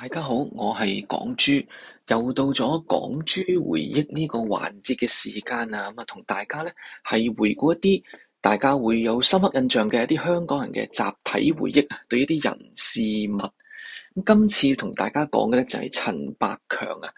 大家好，我係港豬，又到咗港豬回憶呢個環節嘅時間啊，咁啊同大家咧係回顧一啲大家會有深刻印象嘅一啲香港人嘅集體回憶啊，對於一啲人事物。咁今次同大家講嘅咧就係陳百強啊，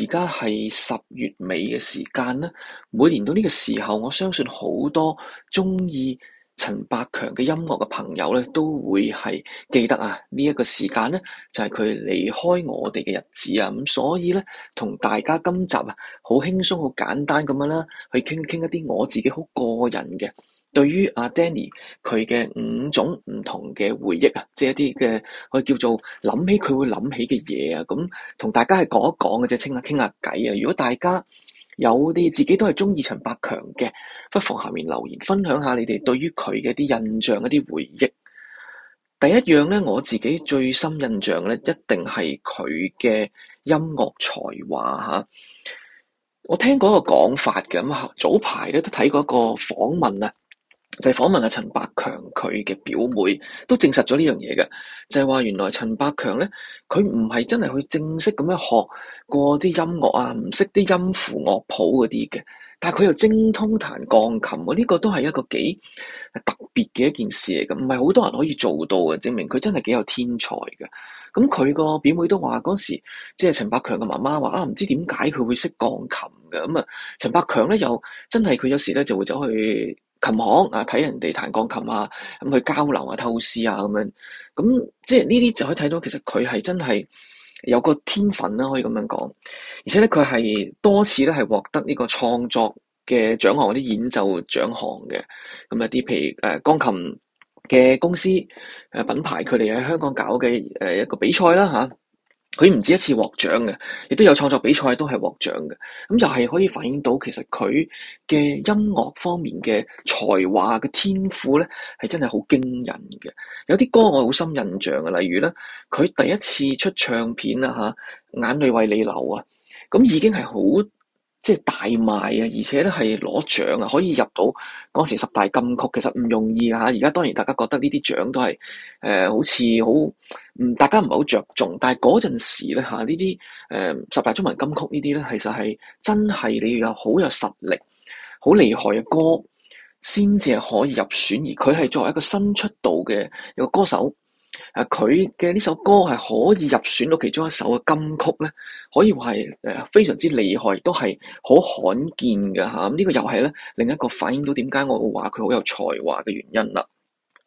而家係十月尾嘅時間啦。每年到呢個時候，我相信好多鍾意陳百強嘅音樂嘅朋友咧，都會係記得啊呢一個時間咧，就係佢離開我哋嘅日子啊，咁所以咧，同大家今集啊，好輕鬆好簡單咁樣啦，去傾一傾一啲我自己好個人嘅，對於阿 Danny 佢嘅五種唔同嘅回憶啊，即係一啲嘅，我叫做諗起佢會諗起嘅嘢啊，咁同大家係講一講嘅啫，傾下傾下偈啊，如果大家。有啲自己都係鍾意陳百強嘅，不妨下面留言分享下你哋對於佢嘅啲印象、一啲回憶。第一樣咧，我自己最深印象咧，一定係佢嘅音樂才華嚇。我聽過一個講法咁嚇，早排咧都睇過一個訪問啊。就係訪問阿陳百強佢嘅表妹，都證實咗呢樣嘢嘅，就係話原來陳百強咧，佢唔係真係去正式咁樣學過啲音樂啊，唔識啲音符樂譜嗰啲嘅，但係佢又精通彈鋼琴，呢個都係一個幾特別嘅一件事嚟嘅，唔係好多人可以做到嘅，證明佢真係幾有天才嘅。咁佢個表妹都話嗰時，即係陳百強嘅媽媽話啊，唔知點解佢會識鋼琴嘅。咁啊，陳百強咧又真係佢有時咧就會走去。琴行啊，睇人哋彈鋼琴啊，咁去交流啊、偷師啊咁樣，咁即係呢啲就可以睇到其實佢係真係有個天分啦，可以咁樣講。而且咧，佢係多次咧係獲得呢個創作嘅獎項或者演奏獎項嘅。咁一啲譬如誒、呃、鋼琴嘅公司誒、呃、品牌，佢哋喺香港搞嘅誒一個比賽啦嚇。啊佢唔止一次獲獎嘅，亦都有創作比賽都係獲獎嘅，咁又係可以反映到其實佢嘅音樂方面嘅才華嘅天賦咧，係真係好驚人嘅。有啲歌我好深印象嘅，例如咧，佢第一次出唱片啦吓，啊，眼淚為你流啊，咁已經係好。即係大賣啊！而且咧係攞獎啊，可以入到嗰時十大金曲，其實唔容易啊！而家當然大家覺得呢啲獎都係誒、呃、好似好唔大家唔係好着重，但係嗰陣時咧嚇呢啲誒十大中文金曲呢啲咧，其實係真係你要有好有實力、好厲害嘅歌先至係可以入選，而佢係作為一個新出道嘅一個歌手。啊！佢嘅呢首歌係可以入選到其中一首嘅金曲咧，可以話係誒非常之厲害，都係好罕見嘅吓。呢、啊這個又係咧另一個反映到點解我會話佢好有才華嘅原因啦。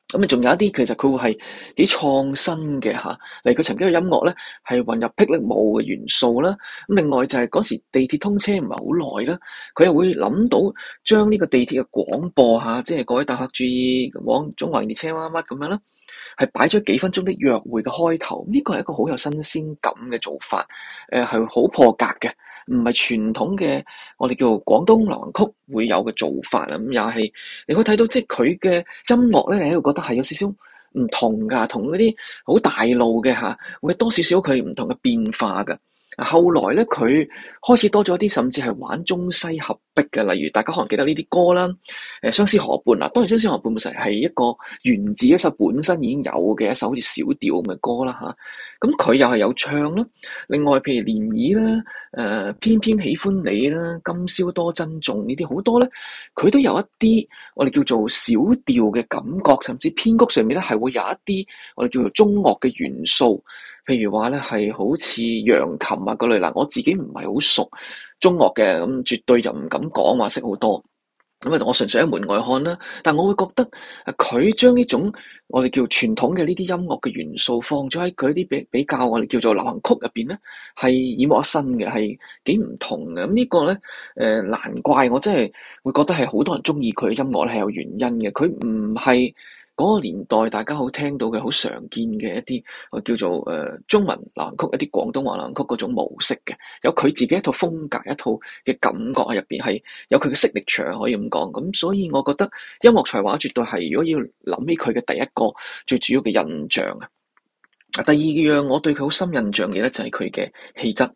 咁啊，仲有一啲其實佢會係幾創新嘅吓。嚟、啊、佢曾經嘅音樂咧，係混入霹靂舞嘅元素啦。咁、啊、另外就係嗰時地鐵通車唔係好耐啦，佢又會諗到將呢個地鐵嘅廣播吓、啊，即係各位大客注意，往中環列車乜乜咁樣啦。係擺咗幾分鐘啲約會嘅開頭，呢個係一個好有新鮮感嘅做法，誒係好破格嘅，唔係傳統嘅我哋叫廣東流行曲會有嘅做法啊，咁又係你可以睇到即係佢嘅音樂咧，你喺度覺得係有少少唔同㗎，同嗰啲好大路嘅嚇，會多少少佢唔同嘅變化㗎。後來咧，佢開始多咗一啲，甚至係玩中西合璧嘅，例如大家可能記得呢啲歌啦，誒《相思河畔》啊，當然《相思河畔》本身係一個源自一首本身已經有嘅一首好似小調嘅歌啦，吓、啊，咁佢又係有唱啦。另外，譬如《漣漪》啦、誒、呃《偏偏喜歡你》啦、《今宵多珍重》呢啲好多咧，佢都有一啲我哋叫做小調嘅感覺，甚至編曲上面咧係會有一啲我哋叫做中樂嘅元素。譬如話咧，係好似揚琴啊嗰類，嗱我自己唔係好熟中樂嘅，咁絕對就唔敢講話識好多。咁啊，我純粹喺門外看啦。但我會覺得佢將呢種我哋叫傳統嘅呢啲音樂嘅元素放咗喺佢啲比比較我哋叫做流行曲入邊咧，係耳目一新嘅，係幾唔同嘅。咁、嗯這個、呢個咧誒，難怪我真係會覺得係好多人中意佢嘅音樂咧，係有原因嘅。佢唔係嗰個年代，大家好聽到嘅好常見嘅一啲，我叫做誒、呃、中文流行曲，一啲廣東話流行曲嗰種模式嘅，有佢自己一套風格、一套嘅感覺喺入邊，係有佢嘅色力場可以咁講。咁所以，我覺得音樂才華絕對係如果要諗起佢嘅第一個最主要嘅印象。第二樣，我對佢好深印象嘅咧，就係佢嘅氣質。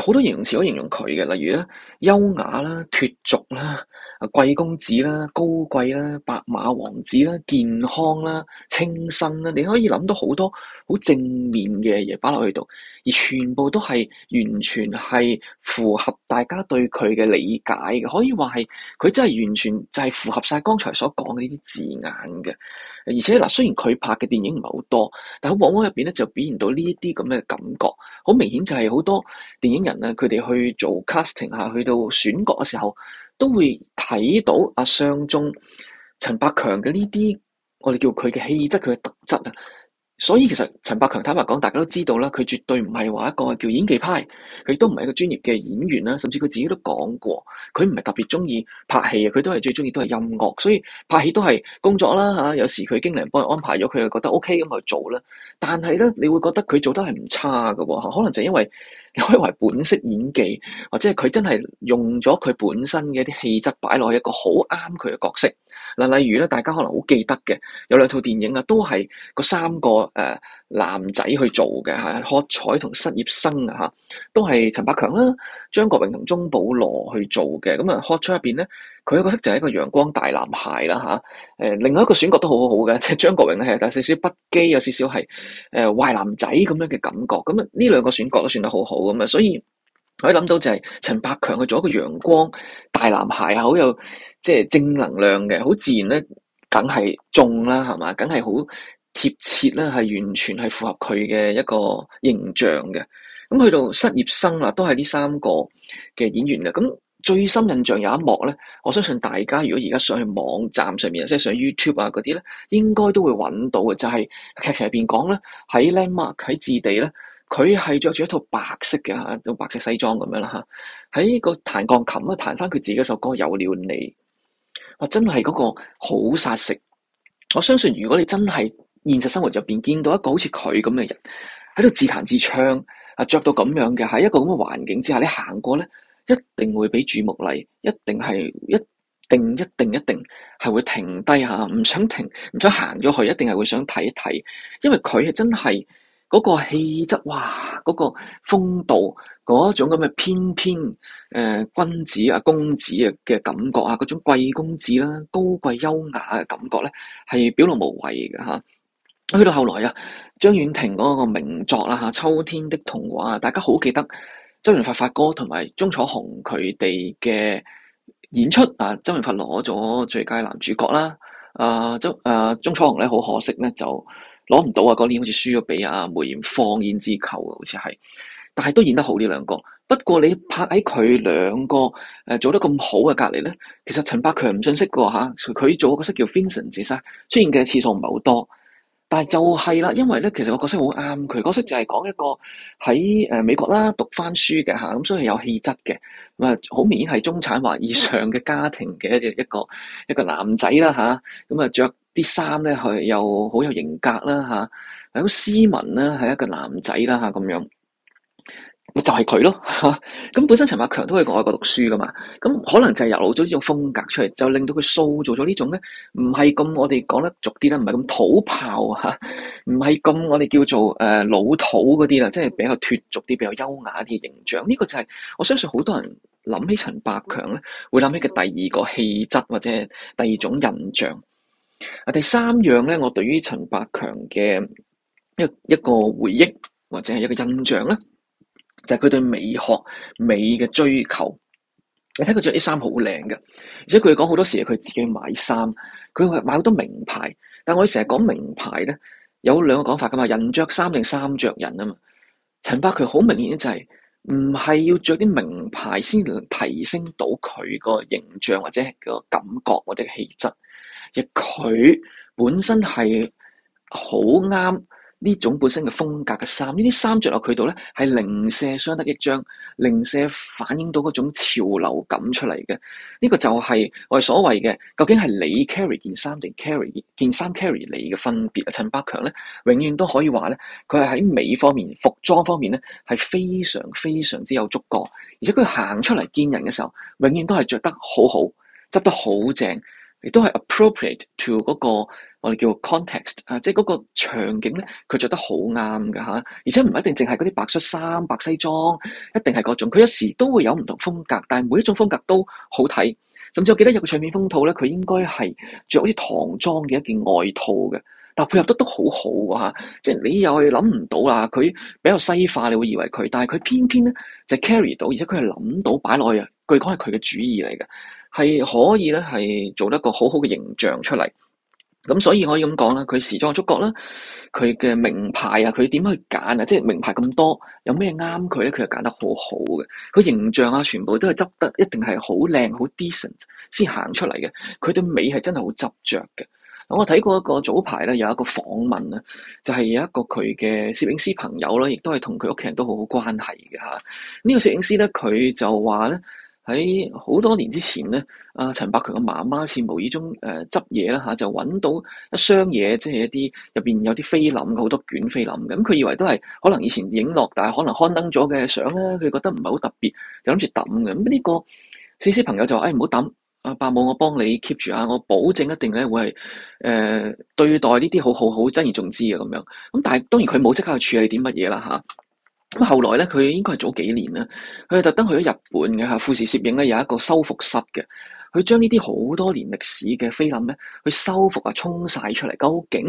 好多形容詞可以形容佢嘅，例如咧，優雅啦、脱俗啦、貴公子啦、高貴啦、白馬王子啦、健康啦、清新啦，你可以諗到好多。好正面嘅嘢，擺落去度，而全部都係完全係符合大家對佢嘅理解，可以話係佢真係完全就係符合晒剛才所講嘅呢啲字眼嘅。而且嗱，雖然佢拍嘅電影唔係好多，但係往往入邊咧就表現到呢啲咁嘅感覺。好明顯就係好多電影人啊，佢哋去做 casting 啊，去到選角嘅時候，都會睇到阿、啊、相中陳百強嘅呢啲我哋叫佢嘅氣質，佢嘅特質啊。所以其實陳百強坦白講，大家都知道啦，佢絕對唔係話一個叫演技派，佢都唔係一個專業嘅演員啦。甚至佢自己都講過，佢唔係特別鍾意拍戲嘅，佢都係最鍾意都係音樂。所以拍戲都係工作啦嚇，有時佢經理人幫佢安排咗，佢又覺得 OK 咁去做啦。但係咧，你會覺得佢做得係唔差㗎喎。可能就係因為。可以為本色演技，或者係佢真係用咗佢本身嘅一啲氣質擺落去一個好啱佢嘅角色嗱。例如咧，大家可能好記得嘅有兩套電影啊，都係嗰三個誒。呃男仔去做嘅嚇喝采同失業生啊嚇，都係陳百強啦、張國榮同鍾保羅去做嘅。咁啊喝采入邊咧，佢個色就係一個陽光大男孩啦嚇。誒、啊，另外一個選角都好好好嘅，即係張國榮咧係有少少不羈，有少少係誒壞男仔咁樣嘅感覺。咁啊，呢兩個選角都算得好好咁啊，所以我諗到就係陳百強去做一個陽光大男孩，好有即係正能量嘅，好自然咧，梗係中啦，係嘛，梗係好。貼切咧，係完全係符合佢嘅一個形象嘅。咁去到失業生啊，都係呢三個嘅演員嘅。咁最深印象有一幕咧，我相信大家如果而家上去網站上面，即係上 YouTube 啊嗰啲咧，應該都會揾到嘅。就係、是、劇情入邊講咧，喺 Landmark 喺置地咧，佢係着住一套白色嘅嚇，套白色西裝咁樣啦嚇。喺個彈鋼琴啊，彈翻佢自己嘅首歌《有了你》，話真係嗰個好殺食。我相信如果你真係，現實生活入邊見到一個好似佢咁嘅人，喺度自彈自唱，啊著到咁樣嘅喺一個咁嘅環境之下，你行過咧，一定會俾注目禮，一定係一定一定一定係會停低嚇，唔想停，唔想行咗去，一定係會想睇一睇，因為佢係真係嗰個氣質，哇！嗰個風度，嗰種咁嘅翩翩誒君子啊公子啊嘅感覺啊，嗰種貴公子啦，高貴優雅嘅感覺咧，係表露無遺嘅嚇。去到後來啊，張婉婷嗰個名作啦嚇，《秋天的童話》啊，大家好記得周潤發發哥同埋鍾楚紅佢哋嘅演出啊，周潤發攞咗最佳男主角啦，啊鍾啊鍾楚紅呢，好可惜呢，就攞唔到啊，嗰年好似輸咗俾阿梅艷芳《胭脂扣》好似係，但係都演得好呢兩個。不過你拍喺佢兩個誒做得咁好嘅隔籬呢，其實陳百強唔順識個嚇，佢、啊、做個色叫《Vincent 自殺，出現嘅次數唔係好多。但係就係啦，因為咧，其實個角色好啱佢角色，就係講一個喺誒美國啦讀翻書嘅吓，咁、啊、所以有氣質嘅，咁啊好明顯係中產或以上嘅家庭嘅一一個一個男仔啦吓，咁啊着啲衫咧佢又好有型格啦吓，又、啊、好、啊、斯文啦，係一個男仔啦吓，咁、啊、樣。咪就係佢咯，咁、 嗯、本身陳百強都喺外國讀書噶嘛，咁、嗯、可能就係由咗呢種風格出嚟，就令到佢塑造咗呢種咧，唔係咁我哋講得俗啲啦，唔係咁土炮嚇，唔係咁我哋叫做誒、呃、老土嗰啲啦，即係比較脫俗啲、比較優雅啲嘅形象。呢、這個就係、是、我相信好多人諗起陳百強咧，會諗起嘅第二個氣質或者第二種印象。啊，第三樣咧，我對於陳百強嘅一一個回憶或者係一個印象咧。就係佢對美學美嘅追求。你睇佢着啲衫好靚嘅，而且佢講好多時，佢自己買衫，佢買好多名牌。但我哋成日講名牌咧，有兩個講法噶嘛，人着衫定衫着人啊嘛。陳百強好明顯就係唔係要着啲名牌先能提升到佢個形象或者個感覺或者氣質，亦佢本身係好啱呢種本身嘅風格嘅衫，呢啲衫着落佢度咧，係零舍相得益彰，零舍反映到嗰種潮流感出嚟嘅。呢、這個就係我哋所謂嘅，究竟係你 carry 件衫定 carry 件衫 carry 你嘅分別啊？陳百強咧，永遠都可以話咧，佢係喺美方面、服裝方面咧，係非常非常之有觸覺，而且佢行出嚟見人嘅時候，永遠都係着得好好，執得好正，亦都係 appropriate to 嗰個。我哋叫 context 啊，即係嗰個場景咧，佢着得好啱嘅嚇，而且唔一定淨係嗰啲白恤衫、白西裝，一定係嗰種。佢一時都會有唔同風格，但係每一種風格都好睇。甚至我記得有個唱片封套，咧，佢應該係着好似唐裝嘅一件外套嘅，但配合得都好好嘅嚇，即係你又係諗唔到啦，佢比較西化，你會以為佢，但係佢偏偏咧就係 carry 到，而且佢係諗到擺落去嘅，據講係佢嘅主意嚟嘅，係可以咧係做得一個好好嘅形象出嚟。咁所以可以咁講啦，佢時裝觸覺啦，佢嘅名牌啊，佢點去揀啊？即係名牌咁多，有咩啱佢咧？佢係揀得好好嘅，佢形象啊，全部都係執得一定係好靚好 decent 先行出嚟嘅。佢對美係真係好執着嘅。我睇過一個早排咧，有一個訪問啊，就係、是、有一個佢嘅攝影師朋友啦，亦都係同佢屋企人都好好關係嘅嚇。呢、這個攝影師咧，佢就話咧。喺好多年之前咧，阿、呃、陳百強嘅媽媽似無意中誒、呃、執嘢啦嚇，就揾到一箱嘢，即係一啲入邊有啲菲林好多卷菲林嘅，咁、嗯、佢以為都係可能以前影落，但係可能刊登咗嘅相咧，佢覺得唔係好特別，就諗住抌嘅。咁、嗯、呢、這個私私朋友就話，誒唔好抌，阿伯母，我幫你 keep 住啊，我保證一定咧會係誒、呃、對待呢啲好好好珍而重之嘅咁樣。咁、嗯、但係當然佢冇即刻去處理啲乜嘢啦嚇。啊啊咁後來咧，佢應該係早幾年啦，佢係特登去咗日本嘅吓，富士攝影咧有一個修復室嘅，佢將呢啲好多年歷史嘅菲林咧，去修復啊，沖晒出嚟，究竟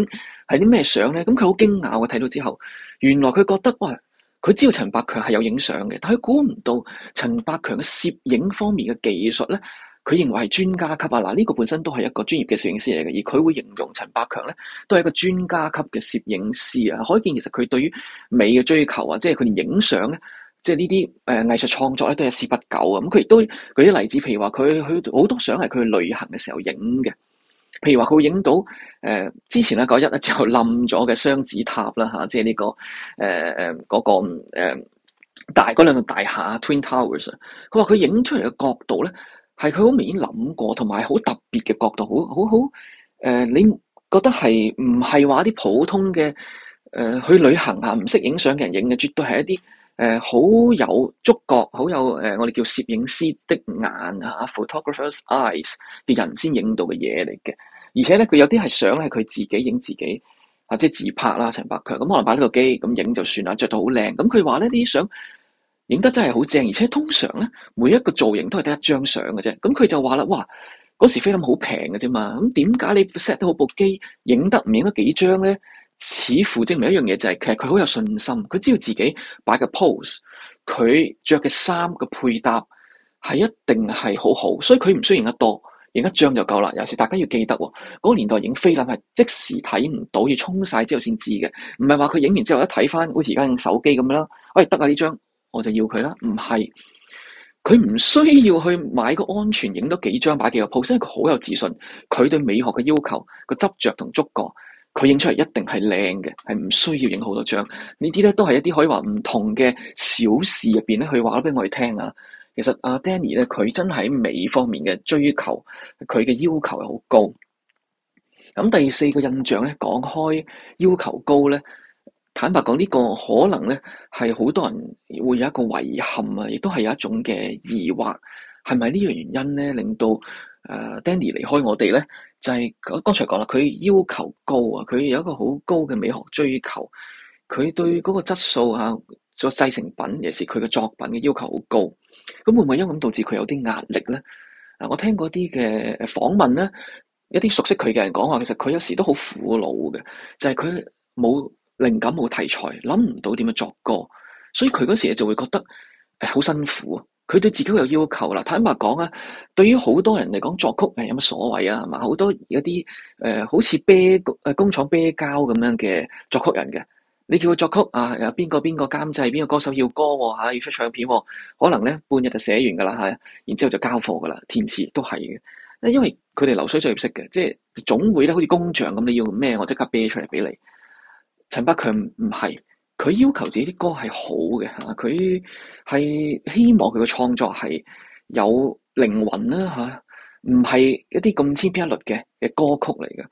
係啲咩相咧？咁佢好驚訝我睇到之後，原來佢覺得哇，佢知道陳百強係有影相嘅，但係佢估唔到陳百強嘅攝影方面嘅技術咧。佢認為係專家級啊！嗱，呢個本身都係一個專業嘅攝影師嚟嘅，而佢會形容陳百強咧，都係一個專家級嘅攝影師啊！可見其實佢對於美嘅追求啊，即係佢影相咧，即係呢啲誒藝術創作咧，都一絲不苟啊！咁佢亦都舉啲例子，譬如話佢去好多相係佢去旅行嘅時候影嘅，譬如話佢會影到誒、呃、之前咧嗰日咧就冧咗嘅雙子塔啦吓、啊，即係呢、呢個誒誒嗰個、呃、大嗰兩個大廈 Twin Towers。佢話佢影出嚟嘅角度咧。係佢好明顯諗過，同埋好特別嘅角度，好好好誒！你覺得係唔係話啲普通嘅誒、呃、去旅行啊，唔識影相嘅人影嘅，絕對係一啲誒、呃、好有觸覺、好有誒、呃、我哋叫攝影師的眼 啊 （photographer's eyes） 嘅人先影到嘅嘢嚟嘅。而且咧，佢有啲係相係，佢自己影自己，或者自拍啦、啊，陳百強咁、嗯、可能擺呢個機咁影就算啦，着到好靚。咁佢話呢啲相。影得真係好正，而且通常咧，每一個造型都係得一張相嘅啫。咁佢就話啦，哇，嗰時菲林好平嘅啫嘛。咁點解你 set 得好部機影得唔影得幾張咧？似乎證明一樣嘢，就係其實佢好有信心，佢知道自己擺個 pose，佢着嘅衫嘅配搭係一定係好好，所以佢唔需要影得多，影一張就夠啦。有時大家要記得，嗰個年代影菲林係即時睇唔到，要沖曬之後先知嘅，唔係話佢影完之後一睇翻，好似而家用手機咁樣啦。喂，得啊呢張。我就要佢啦，唔係佢唔需要去買個安全，影多幾張，擺幾個 pose，因為佢好有自信。佢對美學嘅要求個執着同觸覺，佢影出嚟一定係靚嘅，係唔需要影好多張。呢啲咧都係一啲可以話唔同嘅小事入邊咧，去話俾我哋聽啊。其實阿 Danny 咧，佢真係喺美方面嘅追求，佢嘅要求又好高。咁第四個印象咧，講開要求高咧。坦白講，呢、這個可能呢係好多人會有一個遺憾啊，亦都係有一種嘅疑惑，係咪呢樣原因呢？令到誒、呃、Danny 離開我哋呢？就係、是、剛才講啦，佢要求高啊，佢有一個好高嘅美學追求，佢對嗰個質素啊，個製成品尤其是佢嘅作品嘅要求好高。咁會唔會因為咁導致佢有啲壓力呢？嗱、啊，我聽嗰啲嘅訪問呢，一啲熟悉佢嘅人講話，其實佢有時都好苦惱嘅，就係佢冇。靈感冇題材，諗唔到點樣作歌，所以佢嗰時就會覺得誒好辛苦。佢對自己有要求啦。坦白講啊，對於好多人嚟講，作曲係有乜所謂啊？係嘛、呃，好多有啲誒，好似啤誒工廠啤膠咁樣嘅作曲人嘅，你叫佢作曲啊？又邊個邊個監製？邊個歌手要歌吓、啊？要出唱片，啊、可能咧半日就寫完噶啦吓，然之後就交貨噶啦。填詞都係嘅，因為佢哋流水作業式嘅，即係總會咧，好似工匠咁，你要咩我即刻啤出嚟俾你。陳百強唔係佢要求自己啲歌係好嘅嚇，佢係希望佢嘅創作係有靈魂啦嚇，唔係一啲咁千篇一律嘅嘅歌曲嚟嘅。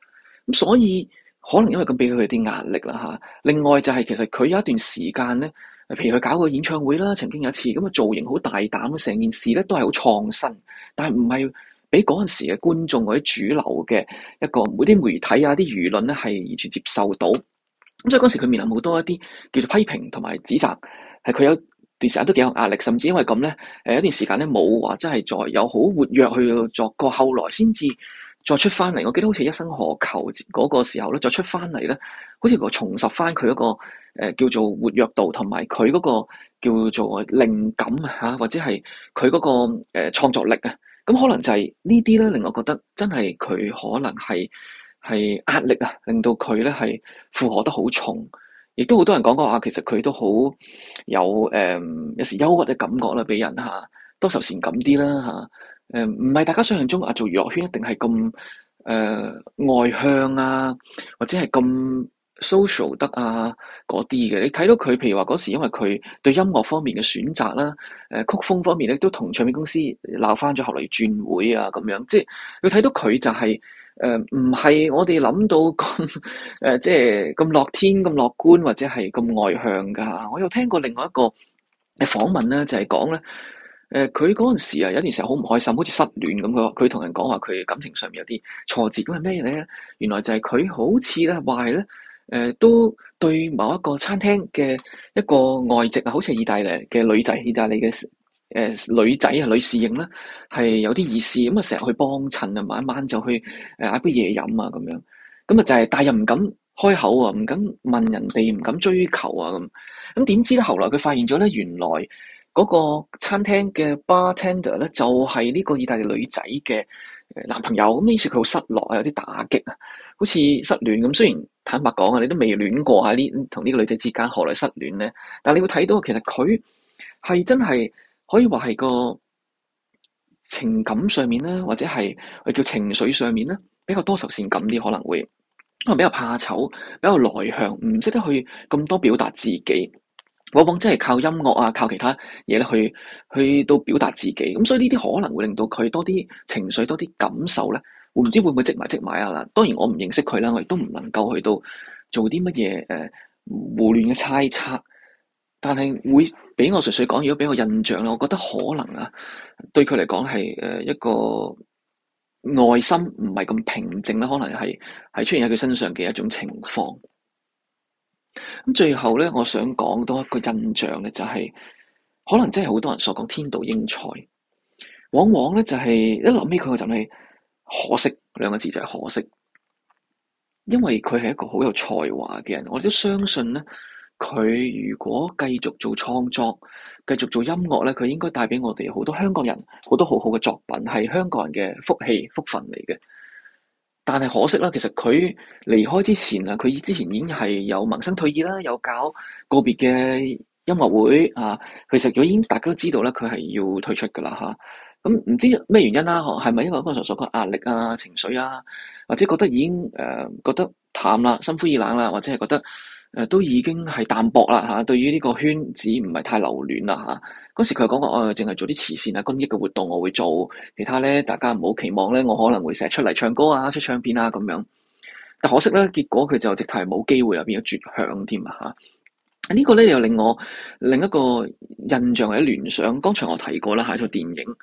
咁所以可能因為咁俾佢啲壓力啦嚇。另外就係其實佢有一段時間咧，譬如佢搞個演唱會啦，曾經有一次咁嘅造型好大膽，成件事咧都係好創新，但係唔係俾嗰陣時嘅觀眾或者主流嘅一個每啲媒體啊啲輿論咧係完全接受到。咁所以嗰時佢面臨好多一啲叫做批評同埋指責，係佢有段時間都幾有壓力，甚至因為咁咧，誒一段時間咧冇話真係再有好活躍去作過，後來先至再出翻嚟。我記得好似《一生何求》嗰個時候咧，再出翻嚟咧，好似個重拾翻佢嗰個叫做活躍度同埋佢嗰個叫做靈感嚇，或者係佢嗰個誒創作力啊。咁可能就係呢啲咧令我覺得真係佢可能係。係壓力啊，令到佢咧係負荷得好重，亦都好多人講過啊，其實佢都好有誒、呃，有時憂鬱嘅感覺啦，俾人嚇多愁善感啲啦嚇。誒、啊，唔係大家想象中啊，做娛樂圈一定係咁誒外向啊，或者係咁 social 得啊嗰啲嘅。你睇到佢，譬如話嗰時，因為佢對音樂方面嘅選擇啦，誒、呃、曲風方面咧，都同唱片公司鬧翻咗，後嚟轉會啊咁樣，即係你睇到佢就係、是。誒唔係我哋諗到咁誒、呃，即係咁樂天、咁樂觀或者係咁外向㗎。我又聽過另外一個訪問咧，就係講咧，誒佢嗰陣時啊，有段時候好唔開心，好似失戀咁。佢佢同人講話佢感情上面有啲挫折。咁係咩嚟咧？原來就係佢好似咧，話咧誒，都對某一個餐廳嘅一個外籍啊，好似係意大利嘅女仔，意大利嘅。誒、呃，女仔啊，女侍應啦，係有啲意思咁啊，成、嗯、日去幫襯啊，晚晚就去誒、嗌、呃、杯嘢飲啊，咁樣咁啊，就係但係又唔敢開口啊，唔敢問人哋，唔敢追求啊，咁咁點知咧？後來佢發現咗咧，原來嗰個餐廳嘅 bartender 咧就係、是、呢個意大利女仔嘅男朋友咁，呢次佢好失落啊，有啲打擊啊，好似失戀咁。雖然坦白講啊，你都未戀過啊，呢同呢個女仔之間何來失戀咧？但係你會睇到，其實佢係真係。可以話係個情感上面咧，或者係叫情緒上面咧，比較多愁善感啲，可能會因為比較怕醜，比較內向，唔識得去咁多表達自己，往往真係靠音樂啊，靠其他嘢咧去去到表達自己。咁所以呢啲可能會令到佢多啲情緒、多啲感受咧，會唔知會唔會積埋積埋啊？當然我唔認識佢啦，我亦都唔能夠去到做啲乜嘢誒胡亂嘅猜測。但係會俾我，純粹講，如果俾我印象咧，我覺得可能啊，對佢嚟講係誒一個內心唔係咁平靜啦，可能係係出現喺佢身上嘅一種情況。咁最後咧，我想講多一個印象咧，就係、是、可能真係好多人所講天妒英才，往往咧就係、是、一諗起佢嘅陣，係可惜兩個字就係可惜，因為佢係一個好有才華嘅人，我哋都相信咧。佢如果繼續做創作、繼續做音樂咧，佢應該帶俾我哋好多香港人好多好多好好嘅作品，係香港人嘅福氣、福分嚟嘅。但係可惜啦，其實佢離開之前啊，佢之前已經係有萌生退意啦，有搞告別嘅音樂會啊。其實已經大家都知道咧，佢係要退出噶啦嚇。咁、啊、唔知咩原因啦？係咪因為剛才所講壓力啊、情緒啊，或者覺得已經誒、呃、覺得淡啦、心灰意冷啦，或者係覺得，誒，都已經係淡薄啦吓，對於呢個圈子唔係太留戀啦吓。嗰時佢講過，我淨係做啲慈善啊、公益嘅活動我會做，其他咧大家唔好期望咧，我可能會成日出嚟唱歌啊、出唱片啊咁樣。但可惜咧，結果佢就直頭係冇機會啦，變咗絕響添啊吓。這個、呢個咧又令我另一個印象係聯想。剛才我提過啦，一套電影，誒、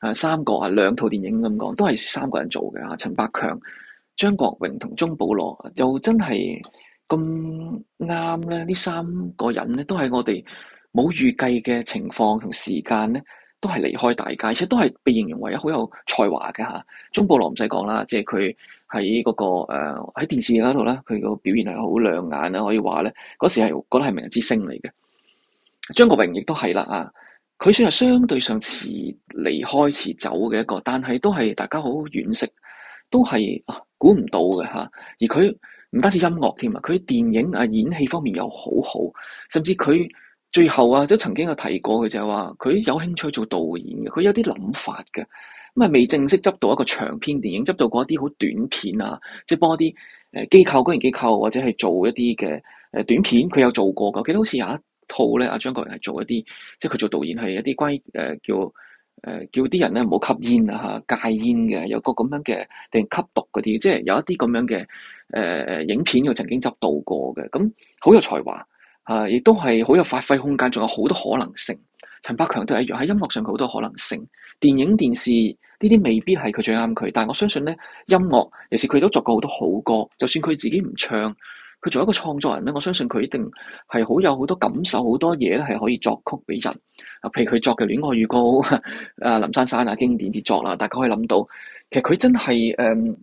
啊，三個啊，兩套電影咁講，都係三個人做嘅吓，陳百強、張國榮同鍾保羅，又真係。咁啱咧，呢三個人咧都係我哋冇預計嘅情況同時間咧，都係離開大家，而且都係被形容為好有才華嘅嚇、啊。鐘保羅唔使講啦，即係佢喺嗰個喺、呃、電視劇嗰度咧，佢個表現係好亮眼啦，可以話咧嗰時係覺得係明日之星嚟嘅。張國榮亦都係啦啊，佢算係相對上遲離開、遲走嘅一個，但係都係大家好惋惜，都係估唔到嘅嚇、啊，而佢。唔單止音樂添啊，佢電影啊演戲方面又好好，甚至佢最後啊都曾經有提過，佢就係話佢有興趣做導演嘅，佢有啲諗法嘅，咁啊未正式執導一個長篇電影，執導過一啲好短片啊，即係幫一啲誒機構，嗰啲機構或者係做一啲嘅誒短片，佢有做過嘅，記得好似有一套咧，阿張國榮係做一啲，即係佢做導演係一啲關於誒叫。誒，叫啲人咧唔好吸煙啊，吓戒煙嘅，有個咁樣嘅定吸毒嗰啲，即係有一啲咁樣嘅誒、呃，影片我曾經執到過嘅，咁好有才華吓，亦都係好有發揮空間，仲有好多可能性。陳百強都係一樣，喺音樂上佢好多可能性，電影、電視呢啲未必係佢最啱佢，但係我相信咧，音樂其實佢都作過好多好歌，就算佢自己唔唱。佢做一個創作人咧，我相信佢一定係好有好多感受，好多嘢咧係可以作曲俾人。譬如佢作嘅《戀愛預告》啊、 林珊珊啊、經典之作啦，大家可以諗到。其實佢真係誒、嗯、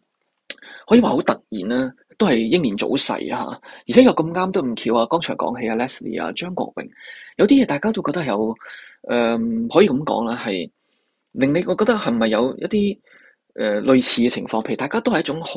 可以話好突然啦，都係英年早逝嚇。而且又咁啱得咁巧啊！剛才講起啊，Leslie 啊，Les lie, 張國榮，有啲嘢大家都覺得有誒、嗯，可以咁講啦，係令你我覺得係咪有一啲誒、呃、類似嘅情況？譬如大家都係一種好。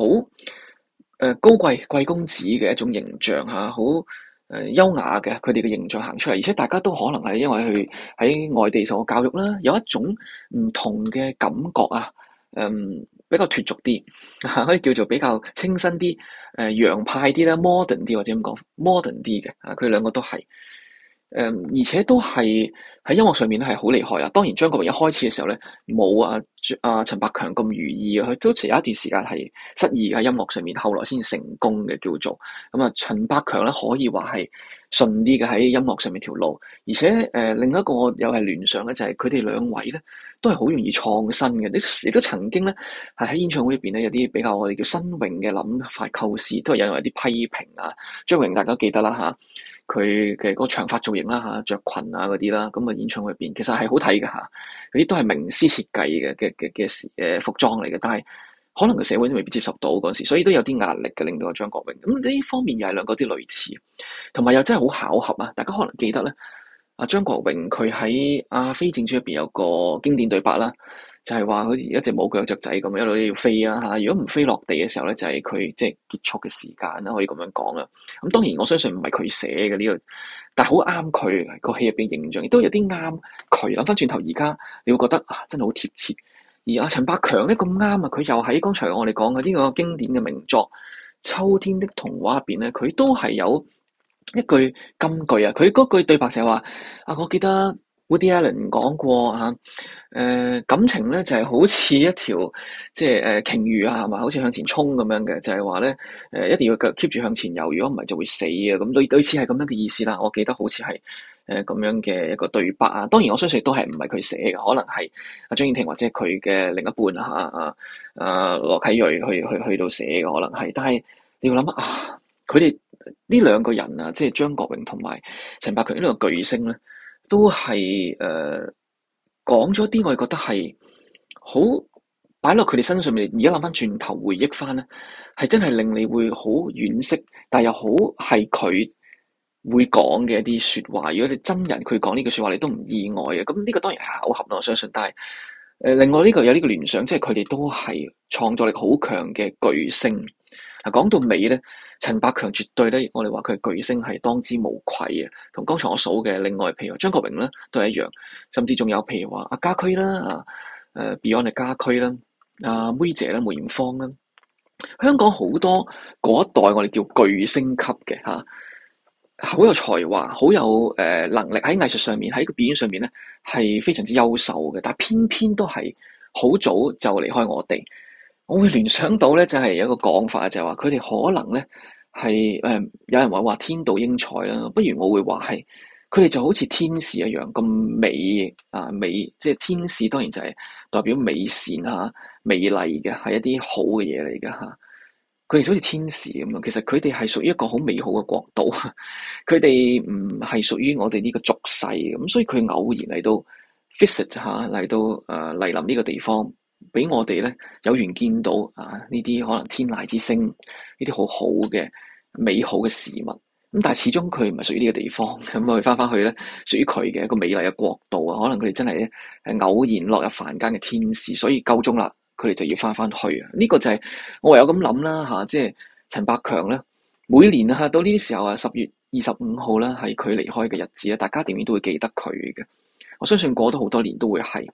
誒、呃、高貴貴，貴公子嘅一種形象嚇，好、啊、誒、呃、優雅嘅，佢哋嘅形象行出嚟，而且大家都可能係因為去喺外地受過教育啦、啊，有一種唔同嘅感覺啊，誒比較脫俗啲、啊，可以叫做比較清新啲，誒、呃、洋派啲啦，modern 啲或者咁講，modern 啲嘅，啊佢兩個都係。誒、嗯，而且都係喺音樂上面咧係好厲害啊！當然張國榮一開始嘅時候咧冇阿阿陳百強咁如意啊，佢都前有一段時間係失意喺音樂上面，後來先成功嘅叫做咁啊、嗯。陳百強咧可以話係順啲嘅喺音樂上面條路，而且誒、呃、另一個又係聯想咧就係佢哋兩位咧都係好容易創新嘅，你亦都曾經咧係喺演唱會入邊咧有啲比較我哋叫新穎嘅諗法構思，都係引來啲批評啊。張國榮大家記得啦嚇。佢嘅嗰個長髮造型啦嚇，著裙啊嗰啲啦，咁啊演唱會入邊其實係好睇嘅嚇，啲都係名師設計嘅嘅嘅嘅誒服裝嚟嘅，但係可能個社會都未必接受到嗰時，所以都有啲壓力嘅令到阿張國榮咁呢方面又係兩個啲類似，同埋又真係好巧合啊！大家可能記得咧，阿張國榮佢喺《阿飛正傳》入邊有個經典對白啦。就係話好似一隻冇腳雀仔咁樣一路都要飛啦嚇，如果唔飛落地嘅時候咧，就係佢即係結束嘅時間啦，可以咁樣講啊。咁當然我相信唔係佢寫嘅呢個，但係好啱佢個戲入邊形象，亦都有啲啱佢諗翻轉頭而家，你會覺得啊真係好貼切。而阿陳百強咧咁啱啊，佢又喺剛才我哋講嘅呢個經典嘅名作《秋天的童話》入邊咧，佢都係有一句金句啊！佢嗰句對白就係話：啊，我記得。Woody Allen 講過啊，誒感情咧就係好似一條即係誒、呃、鯨魚啊，係嘛？好似向前衝咁樣嘅，就係話咧誒一定要 keep 住向前遊，如果唔係就會死啊！咁類類似係咁樣嘅意思啦。我記得好似係誒咁樣嘅一個對白啊。當然我相信都係唔係佢寫嘅，可能係阿張婉婷或者佢嘅另一半啊啊啊，羅啟銳去去去到寫嘅可能係。但係你要諗啊，佢哋呢兩個人啊，即係張國榮同埋陳百強呢兩個巨星咧。都係誒、呃、講咗啲，我覺得係好擺落佢哋身上面。而家諗翻轉頭回憶翻咧，係真係令你會好惋惜，但又好係佢會講嘅一啲説話。如果你真人佢講呢句説話，你都唔意外嘅。咁呢個當然係巧合咯，我相信。但係誒、呃，另外呢、呢個有呢個聯想，即係佢哋都係創作力好強嘅巨星。講到尾咧。陳百強絕對咧，我哋話佢巨星係當之無愧啊！同剛才我數嘅另外譬如張國榮咧都係一樣，甚至仲有譬如話阿家駒啦啊，誒、啊、Beyond 嘅家駒啦，阿、啊、妹姐咧梅艷芳啦，香港好多嗰一代我哋叫巨星級嘅吓、啊，好有才華，好有誒能力喺藝術上面，喺個表演上面咧係非常之優秀嘅，但係偏偏都係好早就離開我哋。我會聯想到咧，就係有一個講法，就係話佢哋可能咧係誒，有人會話天道英才啦。不如我會話係，佢哋就好似天使一樣咁美啊美，即、啊、係、就係、天使當然就係代表美善吓、啊、美麗嘅，係一啲好嘅嘢嚟嘅。吓、啊。佢哋就好似天使咁啊，其實佢哋係屬於一個好美好嘅國度。佢哋唔係屬於我哋呢個俗世，咁所以佢偶然嚟到 visit 吓、啊，嚟到誒嚟、呃、臨呢個地方。俾我哋咧有緣見到啊，呢啲可能天籟之聲呢啲好好嘅美好嘅事物，咁但係始終佢唔係屬於呢個地方，咁啊翻翻去咧屬於佢嘅一個美麗嘅國度啊，可能佢哋真係咧係偶然落入凡間嘅天使，所以夠鐘啦，佢哋就要翻翻去啊！呢個就係我唯有咁諗啦吓，即係陳百強咧，每年啊到呢啲時候啊十月二十五號咧係佢離開嘅日子咧，大家點點都會記得佢嘅，我相信過咗好多年都會係。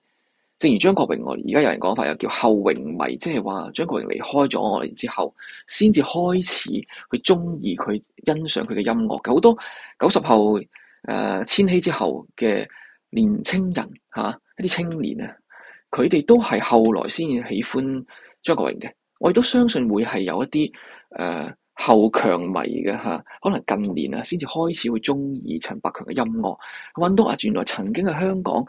正如張國榮，而家有人講法又叫後榮迷，即係話張國榮離開咗我哋之後，先至開始去中意佢欣賞佢嘅音樂。好多九十後、誒、呃、千禧之後嘅年青人嚇，一、啊、啲青年啊，佢哋都係後來先至喜歡張國榮嘅。我亦都相信會係有一啲誒、呃後強迷嘅嚇，可能近年啊先至開始會中意陳百強嘅音樂，揾到啊，原來曾經喺香港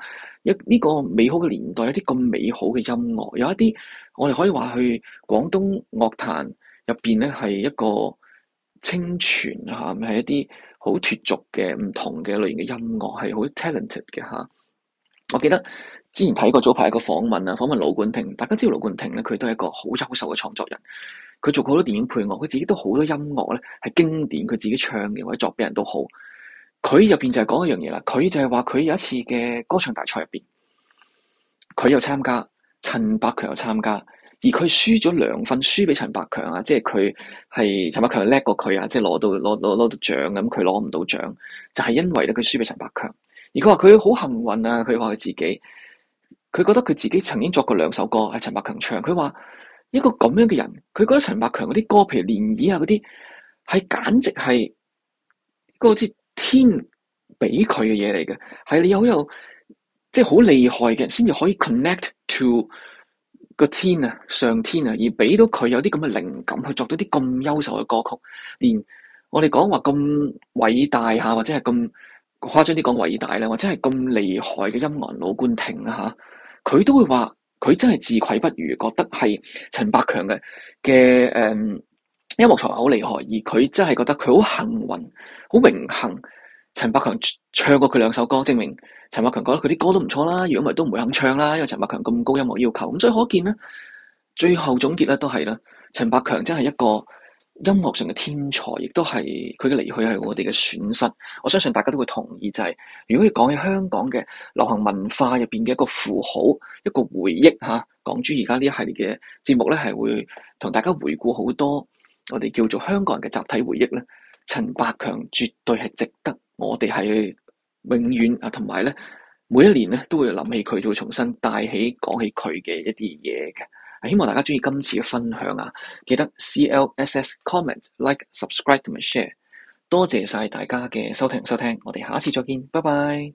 一呢個美好嘅年代，有啲咁美好嘅音樂，有一啲我哋可以話去廣東樂壇入邊咧係一個清泉嚇，係一啲好脫俗嘅唔同嘅類型嘅音樂，係好 talented 嘅嚇。我記得之前睇過早排一個訪問啊，訪問盧冠廷，大家知道盧冠廷咧，佢都係一個好優秀嘅創作人。佢做過好多電影配樂，佢自己都好多音樂咧，係經典。佢自己唱嘅或者作俾人都好。佢入邊就係講一樣嘢啦，佢就係話佢有一次嘅歌唱大賽入邊，佢又參加，陳百強又參加，而佢輸咗兩份，輸畀陳百強啊！即係佢係陳百強叻過佢啊！即係攞到攞攞攞到獎咁，佢攞唔到獎，就係因為咧佢輸俾陳百強。而佢話佢好幸運啊！佢話佢自己，佢覺得佢自己曾經作過兩首歌係陳百強唱，佢話。一個咁樣嘅人，佢覺得陳百強嗰啲歌，譬如、啊《漣漪》啊嗰啲，係簡直係嗰個天畀佢嘅嘢嚟嘅，係你好有即係好厲害嘅，先至可以 connect to 個天啊，上天啊，而畀到佢有啲咁嘅靈感，去作到啲咁優秀嘅歌曲。連我哋講話咁偉大吓，或者係咁誇張啲講偉大啦，或者係咁厲害嘅音樂老倌聽啦吓，佢、啊、都會話。佢真係自愧不如，覺得係陳百強嘅嘅誒音樂才華好厲害，而佢真係覺得佢好幸運，好榮幸陳百強唱過佢兩首歌，證明陳百強覺得佢啲歌都唔錯啦，如果唔係都唔會肯唱啦，因為陳百強咁高音樂要求，咁所以可見呢最後總結咧都係啦，陳百強真係一個。音樂上嘅天才，亦都係佢嘅離去係我哋嘅損失。我相信大家都會同意，就是，就係如果你講起香港嘅流行文化入邊嘅一個符號，一個回憶嚇，講住而家呢一系列嘅節目呢，係會同大家回顧好多我哋叫做香港人嘅集體回憶呢，陳百強絕對係值得我哋係永遠啊，同埋呢每一年咧都會諗起佢，都會重新帶起講起佢嘅一啲嘢嘅。希望大家鍾意今次嘅分享啊！記得 C L S S comment like subscribe 同埋 share，多謝晒大家嘅收聽收聽，我哋下次再見，拜拜。